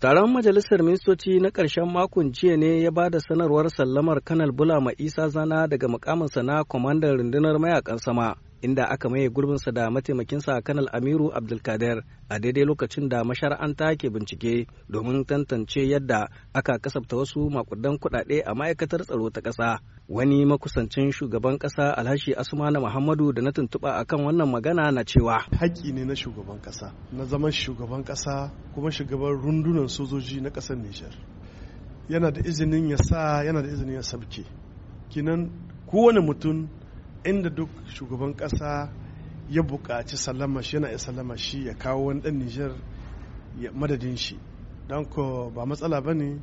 Taron Majalisar Ministoci na ƙarshen makon jiya ne ya ba da sanarwar sallamar Kanal Bulama Isa Zana daga mukaminsa na kwamandan rundunar mayakan sama inda aka maye gurbinsa da mataimakinsa kanal amiru abdulkader a daidai lokacin da mashara'anta ke bincike domin tantance yadda aka kasafta wasu makudan kuɗaɗe a ma'aikatar tsaro ta ƙasa wani makusancin shugaban kasa alhashi asmana muhammadu da na tuntuɓa akan wannan magana na cewa haƙƙi ne na shugaban ƙasa na zaman shugaban ƙasa kuma shugaban rundunar sojoji na ƙasar nijar yana da izinin ya sa yana da izinin ya sabke kinan kowane mutum inda duk shugaban ƙasa ya buƙaci sallama shi yana iya sallama shi ya kawo wani ɗan Nijar madadin shi don ko ba matsala ba ne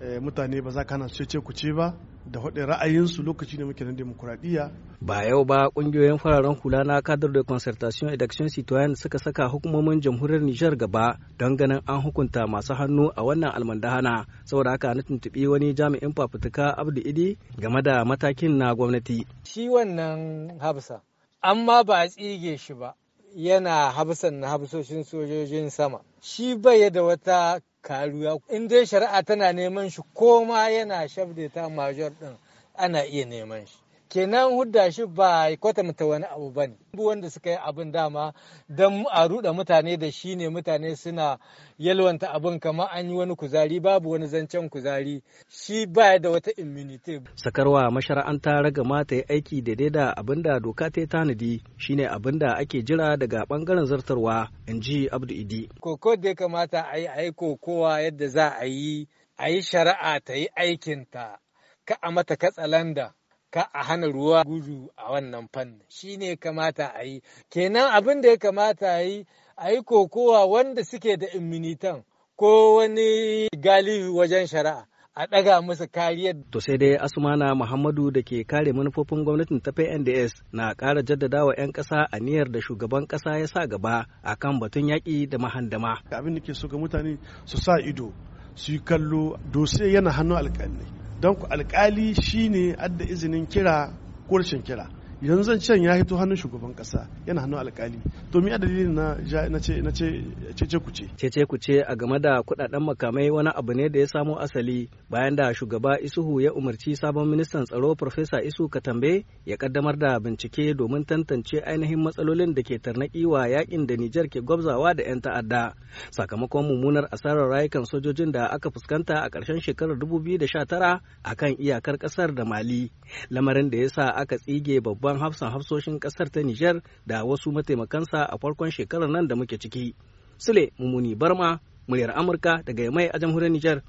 eh, mutane ba za ka hana ce ku ce ba da faɗin ra'ayinsu lokaci ne muke na demokuraɗiyya. Ba yau ba ƙungiyoyin fararen hula na kadar da concertation election citoyen suka saka hukumomin jamhuriyar Nijar gaba don ganin an hukunta masu hannu a wannan almandahana saboda haka na tuntuɓi wani jami'in fafutuka Abdu Idi game da matakin na gwamnati. Shi wannan habsa amma ba a tsige shi ba yana habsan na habsoshin sojojin sama. Shi bai da wata karuwa in dai shari'a tana neman shi ko ma yana shafde ta major din ana iya neman shi kenan hudda shi ba kwatanta wani abu ba ne wanda suka yi abin dama don a ruɗa mutane da shi ne mutane suna yalwanta abin kama an yi wani kuzari babu wani zancen kuzari shi baya da wata immunity sakarwa mashara'anta raga mata yi aiki daidai da abin da doka ta tanadi shi ne abin da ake jira daga bangaren zartarwa in ji abdu idi koko da ya kamata a yi aiko kowa yadda za a yi a yi shari'a ta yi aikinta ka a mata katsalanda ka a hana ruwa gudu a wannan fannin shi ne kamata a yi kenan abin da ya kamata a yi a yi kokowa wanda suke da immunitan ko wani galibi wajen shari'a a ɗaga musu kariyar. To sai dai Asumana Muhammadu da ke kare manufofin gwamnatin ta PNDS na ƙara jaddadawa 'yan ƙasa a niyyar da shugaban ƙasa ya sa gaba a kan batun yaƙi da mahandama. Abin da ke so ga mutane su sa ido su yi kallo dose yana hannun alƙalai. don ku alkali shine adda izinin kira ko rashin kira yanzu can ya hito hannun shugaban kasa yana hannun alkali to me dalilin na na ce na ce cece kuce cece kuce a game da kudaden makamai wani abu ne da ya samo asali bayan da shugaba Isuhu ya umarci sabon ministan tsaro Profesa Isu Katambe ya kaddamar da bincike domin tantance ainihin matsalolin da ke tarnaki wa yakin da Nijar ke gwabzawa da 'yan ta'adda sakamakon mummunar asarar rayukan sojojin da aka fuskanta a karshen shekarar 2019 akan iyakar ƙasar da Mali lamarin da ya sa aka tsige babban babban hafsan hafsoshin ƙasar ta Nijar da wasu mataimakansa a farkon shekarar nan da muke ciki. Sule Mumuni Barma, muryar Amurka daga Yamai a jamhuriyar Nijar.